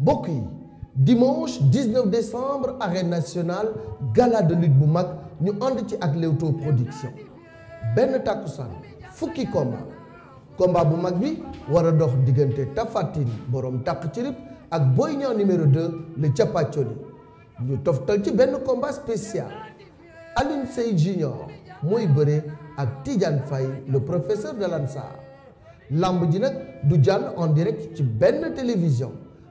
bokk yi dimanche 19 décembre arène nationale gala de bu mag ñu ànd ci ak Leewtoo production benn takkusaan fukki combat combat bu mag bi war a dox diggante Tapha Tine borom takk ci ak Boy Niang numéro 2 le capacholi ñu toftal ci benn combat spécial Alioune Seye Junior mooy bëre ak Tidiane fay le professeur de l'Ansar lamb ji nag du jàll en direct ci benn télévision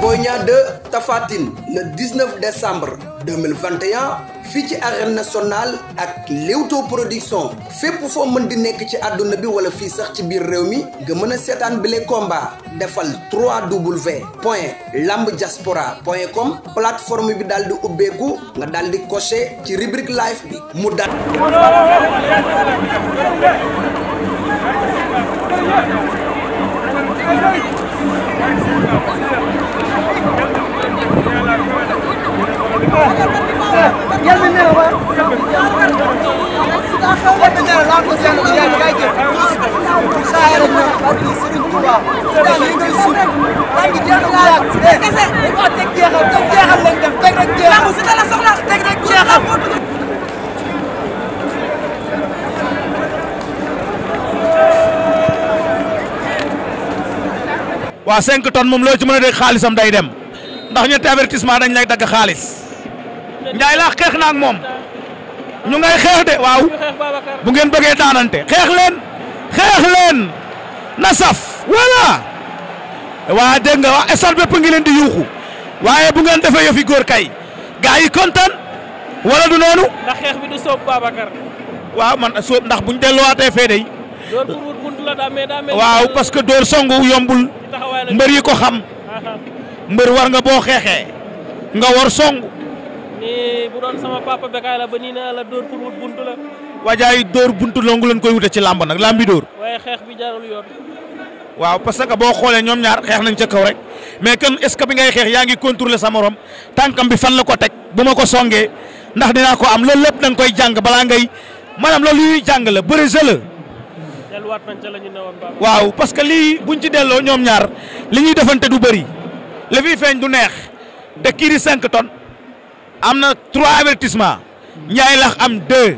Boy Niang 2 Tapha Tine le 19 décembre 2021 fii ci arène nationale ak Leewtoo production fépp foo mën di nekk ci àdduna bi wala fii sax ci biir réew mi nga mën a seetaan bile combat defal 3W point lambdiaspora point com plateforme bi daal di ubbeeku nga dal di coché ci rubrique live bi mu daal. waaw 5 tonnes moom loo ci mën a dégg xaalisam day dem ndax ñetti avertissement dañ lay dagg xaalis Ndiaye laax xeex na moom ñu ngay xeex de waaw bu ngeen bëggee daanante xeex leen xeex leen na saf voilà waa dégg nga waa stade bépp di yuuxu waaye bu ngeen defee yëfi góor kay gaa yi kontaan wala du noonu. ndax xeex bi du soob Babacar. waaw man soob ndax buñ delluwaatee fee day. door pour wut waaw parce que door songu yombul. mbër yi ko xam. mbër war nga boo xeexee. nga war songu. ni bu ba nii la dóor pour wut buntu la. waajaay dóor koy wute ci làmb nag làmb bi waaye xeex bi jarul yoon. waaw parce que boo xoolee ñoom ñaar xeex nañ ca kaw rek mais kan est ce que bi ngay xeex yaa ngi contrôler sa morom tànkam bi fan la ko teg bu ma ko songee ndax dinaa ko am loolu lépp da nga koy jàng balaa ngay maanaam loolu yuy jàng la bëri jeu la. nañ ca la ñu newoon waaw parce que lii buñ ci delloo ñoom ñaar li ñuy defante du bëri li fiy feeñ du neex de kii cinq 5 am na trois avertissement Ndiaye Lakh am deux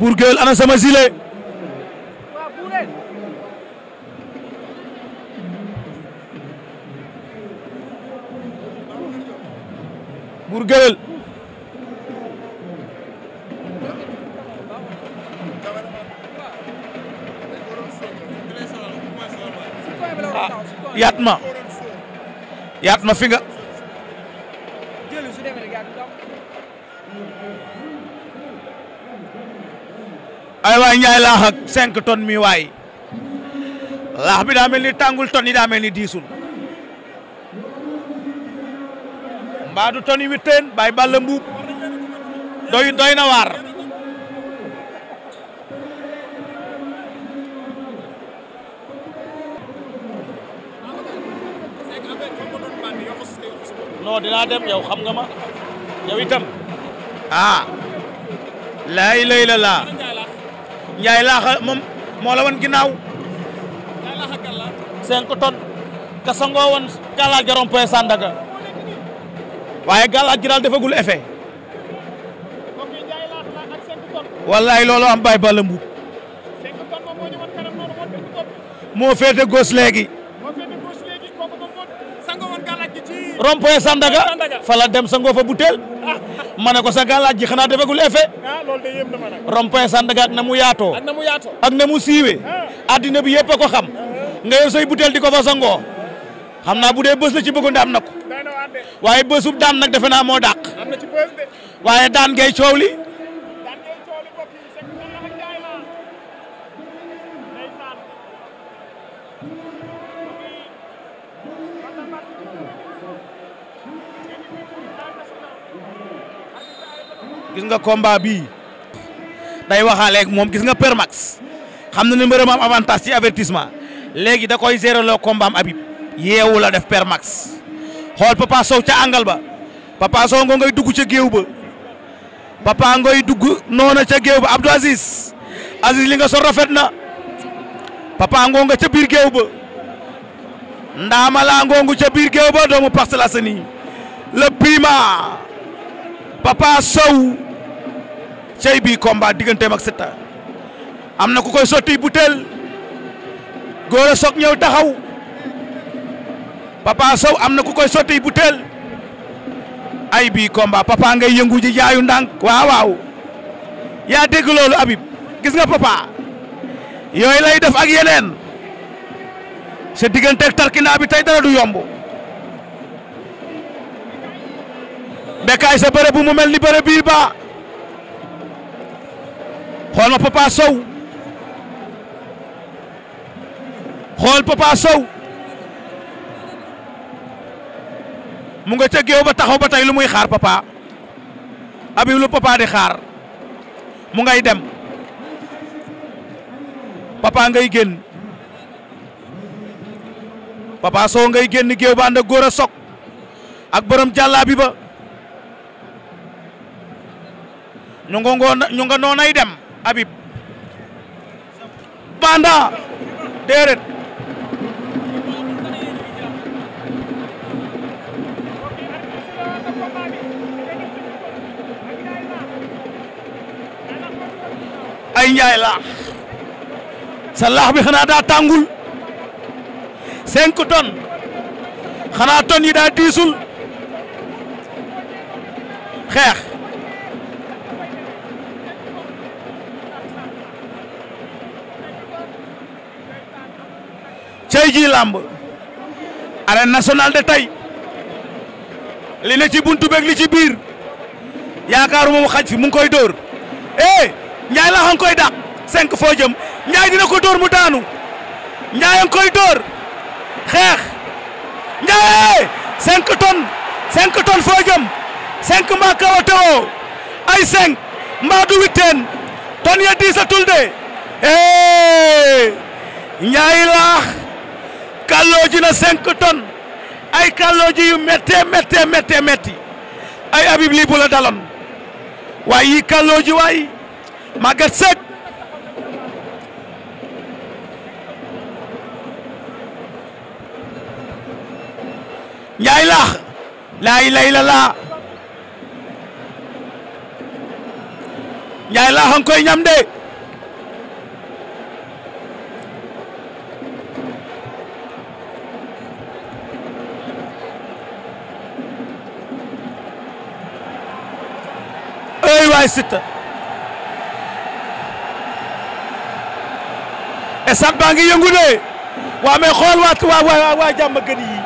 Bourguel ana sama gilet Bourguel ah, Yatma Yatma fi nga Baye Ndiaye laax ak 5 mi waay laax bi daa mel ni tàngul tonnes yi daa mel ni diisul mbaa du tonnes yi witteen Baye Balla doy doy na waar non dinaa dem yow xam nga ma yow itam ah laay lay la laa Ndiaye laaxa moom moo la wan ginnaaw. Ndiaye laaxa gàllankoor. 5 tonnes ka sangoo woon gàllankoor jarom point Sandaga waaye gàllankoor gi daal defagul effet. wallaay loolu am bàyyi bala mbuub moo féete gos léegi. rond point fa la dem sangoo fa butéel. ma ne ko sa gàllaaj ji xanaa defagul effet. Ah, rond-point Sandaga ak na mu yaatoo. ak na mu yaatoo ak na mu siiwee. Ah. addina bi yëpp a ko xam. nga yor say butéel di ko fa sangoo. xam naa bu dee bës a ci bëggoon daan na ko. waaye bësub daan nag defe naa moo dàq. waaye daan ngay coow li. nga combat bii day waxaaleeg moom gis nga permax xam na ne mbërëm am avantage ci avertissement léegi da koy gérer loo combat am Habib yeewu la def permax xool Papa Sow ca angal ba Papa Sow nga ngay dugg ca géew ba Papa ngay dugg noona ca géew ba Abdou Aziz Aziz li nga so rafet na Papa ngoo nga ca biir géew ba Ndaama laa ngongu ca biir géew ba doomu Parcelles Assainies Papa Sow cey bii combat digganteem ak Siteu am na ku koy sotti butéel góor a soog ñëw taxaw Papa Sow am na ku koy sotti butéel ay bii combat papa ngay yëngu ji jaayu ndànk waaw waaw yaa dégg loolu Habib gis nga papa yooyu lay def ak yeneen sa digganteeg tarkinaa bi tey dara du yomb bekkaay sa bëre bu mu mel ni bëre biir ba xool ma Papa Sow xool Papa Sow mu nga ca géew ba taxaw ba tey lu muy xaar Papa Habib lu Papa di xaar mu ngay dem Papa ngay génn Papa Sow ngay génn géew ba ànd ak góor a sok ak borom jàlla bi ba ñu nga ngoon ñu dem Habib Banda déedéet ay njaay laax sa bi xanaa daa tàngul cinq tonnes xanaa tonnes yi daa diisul xeex tey jii làmb arène nationale de tey li ne ci buntu beeg li ci biir yaakaaruma mu xaj fi mu ngi koy dóor eh Ndiaye la xam koy dàq cinq foo jëm Ndiaye dina ko dóor mu daanu Ndiaye a koy dóor xeex Ndiaye eh, cinq tonnes cinq tonnes foo jëm cinq mbaa kaw a ay cinq mbaa du witteen tonnes ya diisatul de eh Ndiaye kàllooji na cinq tonnes ay kàllooji yu méttee méttee méttee ay Habib lii bu daloon waaye yii kàllooji waay Maguette Seck Njaay laax laay lay la Njaay laax koy ñam de waaye Siteu esat baa ngi yëngu de waa mais xool waa waa waa jàmm gën yi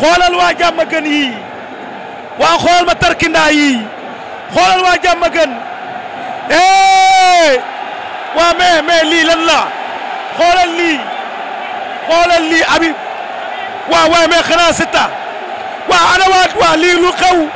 xoolal waa jàmm gën yi waa xool tarkindaa yi xoolal waa jàmm gën eh waa mais mais lii lan xoolal lii xoolal lii Habib waa waay mais xanaa Siteu waa ana waa lii lu xew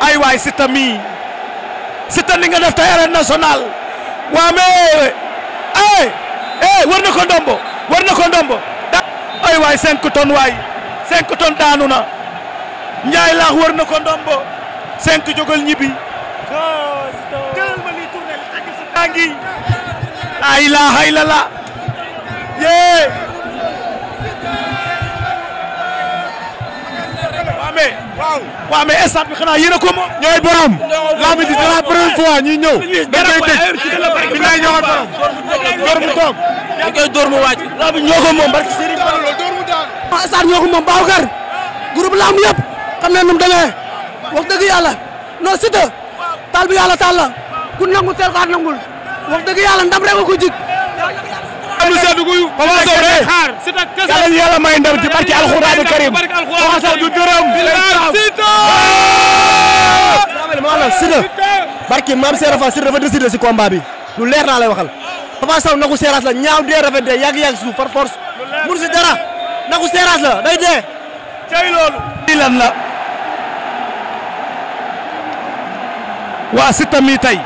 ay waay Siteu mii Siteu li nga def tey arène nationale waa mais ay eh, eh, na ko ndombo war na ko ndombo ay waay cinq tonnes waay cinq tonnes daanu na Njaay laax war na ko ndombo cinq jógal ñibbi angi la yee waa waaw waaw bi xanaa yéen a ko ñooy borom. lamb ji c'est la première fois ñëw. dañ koy tëj bi ñooy ñëwaat borom. door mu toog. dañ koy door mu wàcc. lamb ñoo ko moom barki Serigne Ba la door mu daal. waaw ah, stade ñoo ko moom Babacar. groupe lamb yëpp. xam nañ nu mu demee. wax dëgg yàlla non Siteu. taal bi yàlla taal la. nangu teel ko nangul. wax dëgg yàlla ndam rek a ko am lu bi lu leer naa lay waxal Papa Sow nagu seeraas la ñaaw dee rafet dee yàgg suuf par force mun si dara nagu seeraas la day dee waa Siteu mi tey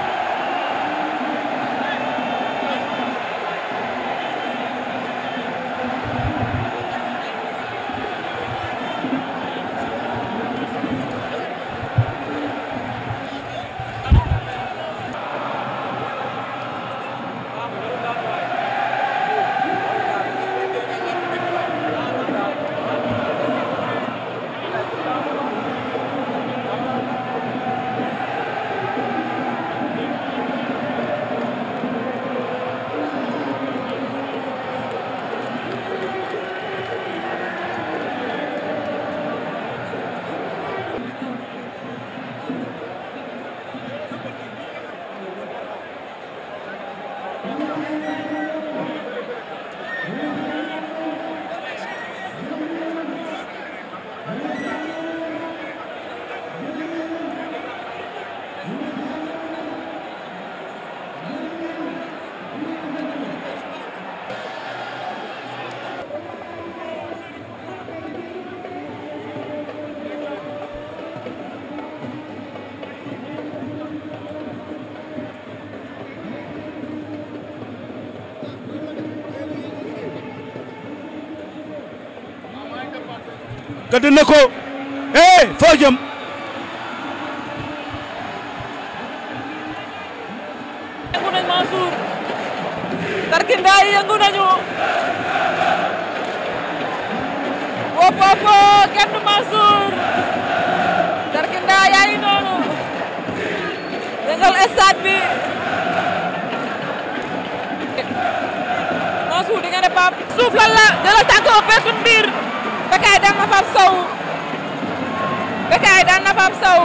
gëdd na ko eh foo jëm yëngu nañ Mansour tarkindaa yi yëngu nañu o popo noonu yëngal stade bi Mansour di nga ne Pape suuf lan la jëlal tànk o peesun Bécaye daan na Pape Sow Bécaye daan na Pape Sow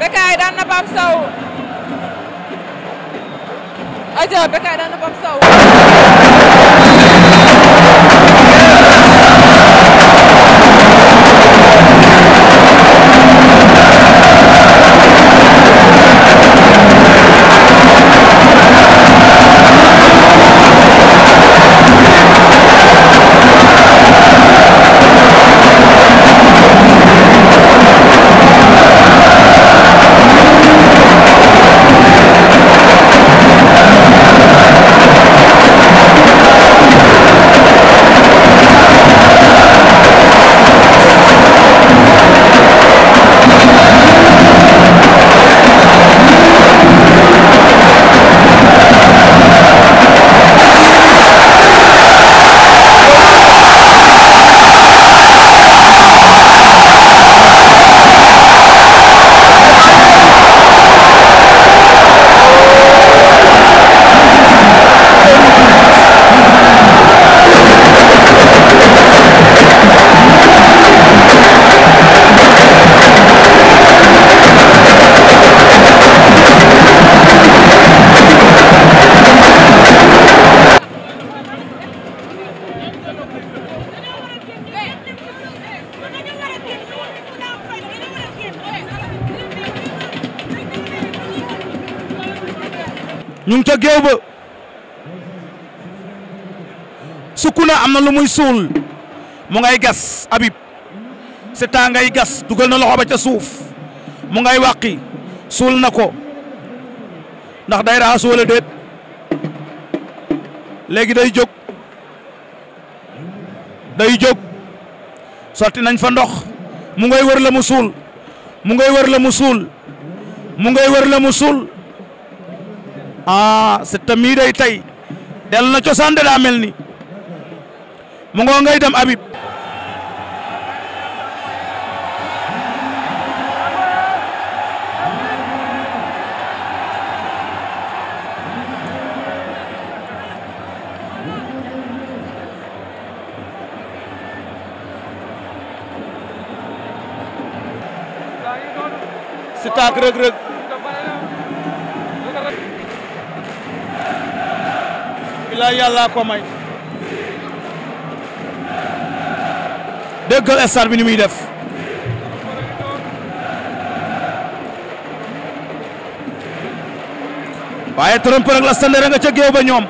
Bécaye daan na daan na Pape Sow ñu ca géew ba sukku na am na lu muy suul mu ngay gas abib Siteu ngay gas dugal na loxo ba ca suuf mu ngay wàqi suul na ko ndax day raxas wala déet léegi day jóg day jóg sotti nañ fa ndox mu ngay wër la mu suul mu ngay wër la mu suul mu ngay wër la mu suul aa ah, Siteu mii day tey na cosaan de daa mel ni mu dem Habib la yàlla ko may. déggal stade bi ni muy def. waaye trompe rek la sànni rek nga ca géew ba ñoom.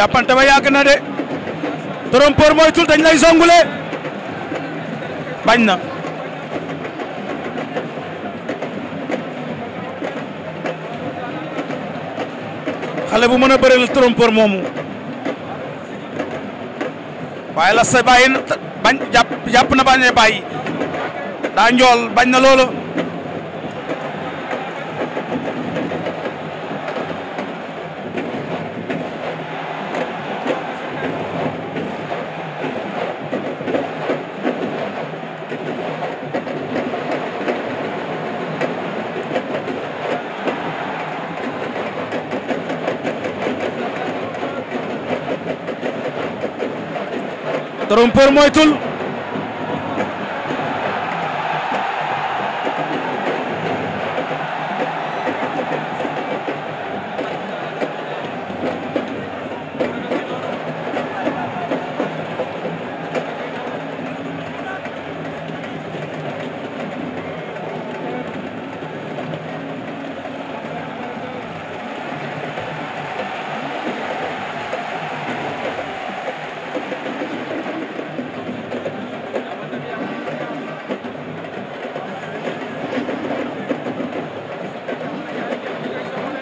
jàppante ba yàgg na de trompeur moytul dañ lay zongule bañ na xale bu mën a bëreel trompeur moomu waaye la sa bañ jàpp jàpp na bañ a bàyyi daa njool bañ na loolu trompeur moytul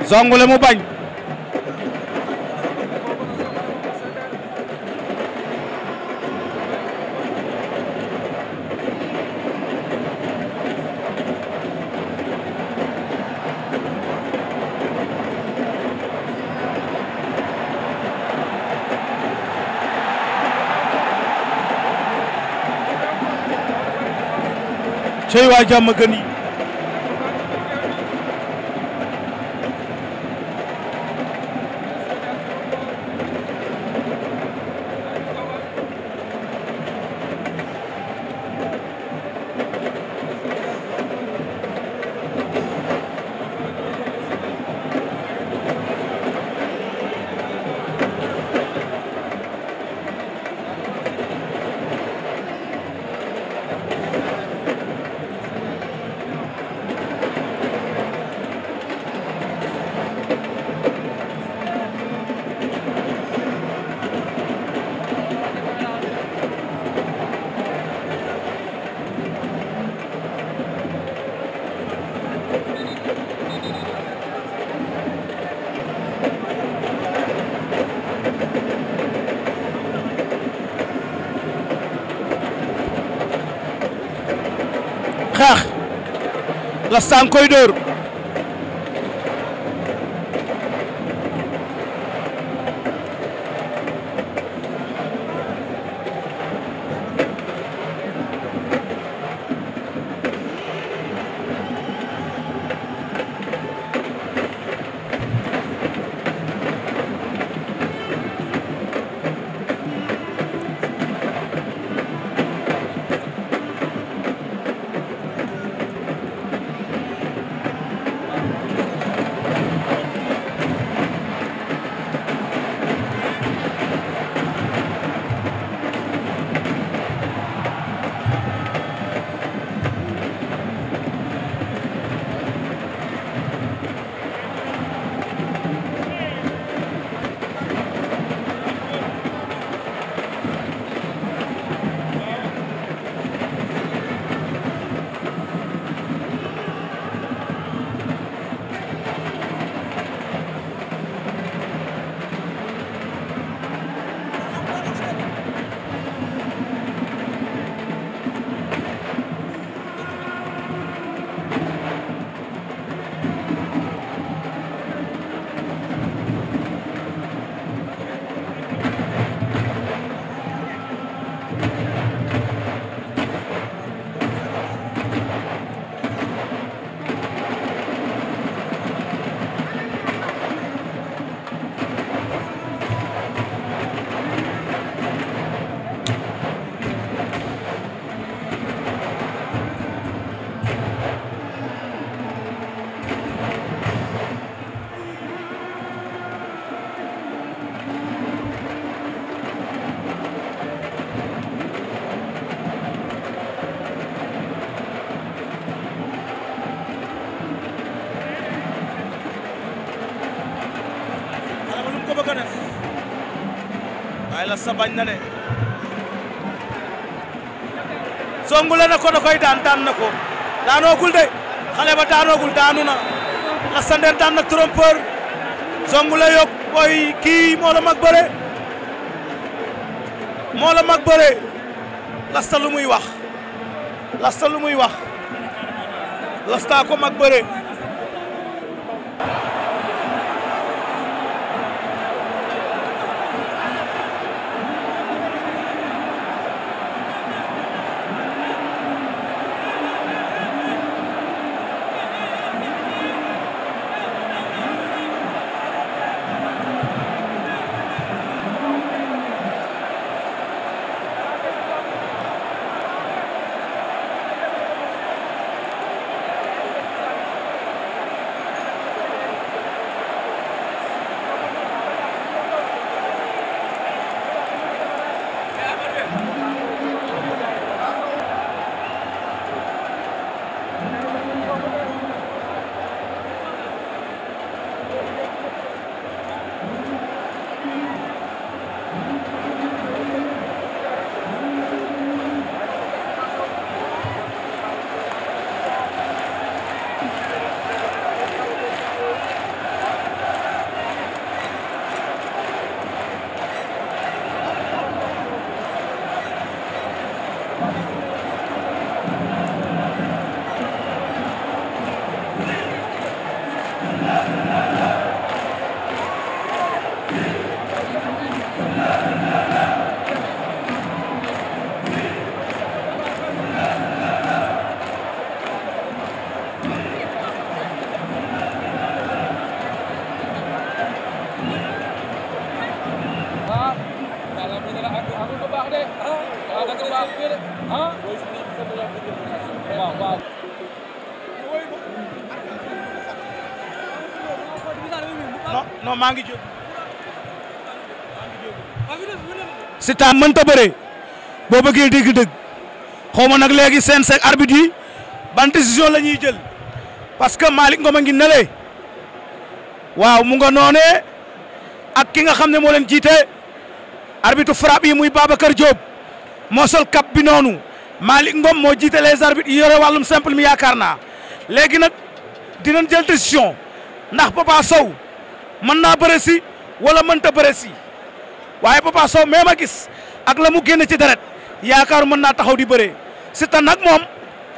zongule mu bañ cey waa jàmm gën yi Lassane koy dóor lasta bañ na de songule na ko da koy daan daan na ko daanoogul de xale ba daanoogul daanu na lasta ndeen daan na trompeur songule yokk booy kii moo la mag bëre moo la mag bëre lasta lu muy wax lasta lu muy wax lasta ko mag bëre ah waaw maa ngi jóg. Siteu mënta bëre boo bëggee dégg-dëgg xaw ma nag léegi seen seen arbitre yi ban décision la ñuy jël parce que Malick Ngom ngi nele waaw mu nga noonee ak ki nga xam ne moo leen jiite arbitre frappe yi muy Babacar Diop moo sol cap noonu Malick ngoom moo jiite les arbitres yi yore simple mi yaakaar naa léegi nag dinañ jël décision ndax Papa Sow mën naa bëre si wala mënta bëre si waaye Papa Sow même a gis ak la mu génn ci deret yaakaar mën naa taxaw di bëree Siteu nag moom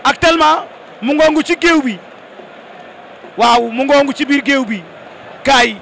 actuellement mu ngongu ci géew bi waaw mu ngongu ci biir géew bi kaay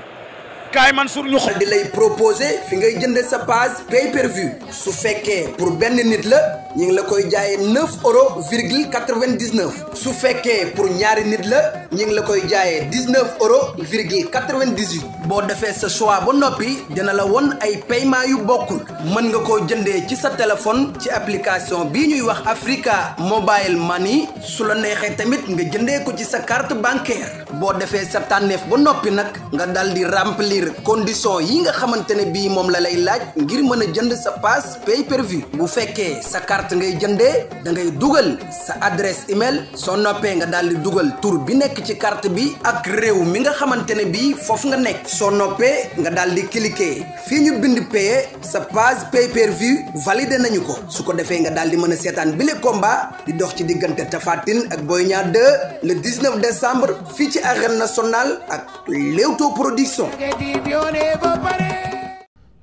kaay Mansour ñu xool di lay proposer fi ngay jënde sa passe pay per su fekkee pour benn nit la ñu ngi la koy jaayee neuf euros virgule quatre-vingt-dix-neuf su fekkee pour ñaari nit la ñu ngi la koy jaayee dix-neuf euros virgule quatre-vingt-dix-huit boo defee sa choix ba noppi dina la won ay paiement yu bokkul mën nga koo jëndee ci sa téléphone ci application bii ñuy wax Africa Mobile Money su la neexee tamit nga jëndee ko ci sa carte bancaire boo defee sa tànneef ba noppi nag nga dal di remplir remplir condition yi nga xamante ne bii moom la lay laaj ngir mën a jënd sa pass pay per view bu fekkee sa carte ngay jënde da ngay dugal sa adresse email soo noppee nga daal di dugal tur bi nekk ci carte bi ak réew mi nga xamante ne bii foofu nga nekk soo noppee nga daal di cliquer fii ñu bind payer sa pass pay per view validé nañu ko su ko defee nga daal di mën a seetaan bile combat di dox ci diggante Tapha Tine ak Boy Niang 2 le 19 décembre fii ci arène nationale ak Leewtoo production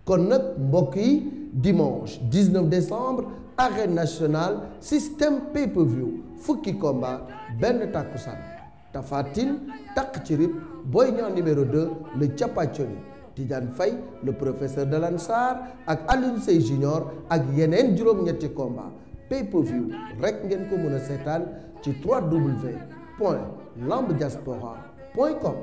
kon nag mbokk yi dimanche 19 décembre arène national système pay-per-view fukki combat benn takkusaan Tapha Tine takk ci rip Boy Niang numéro 2 le Chapachoni Tidiane Faye le professeur de Lansar ak Alioune Seye ak yeneen juróom-ñetti combat pay per rek ngeen ko mën a seetaan ci 3W point lambdiaspora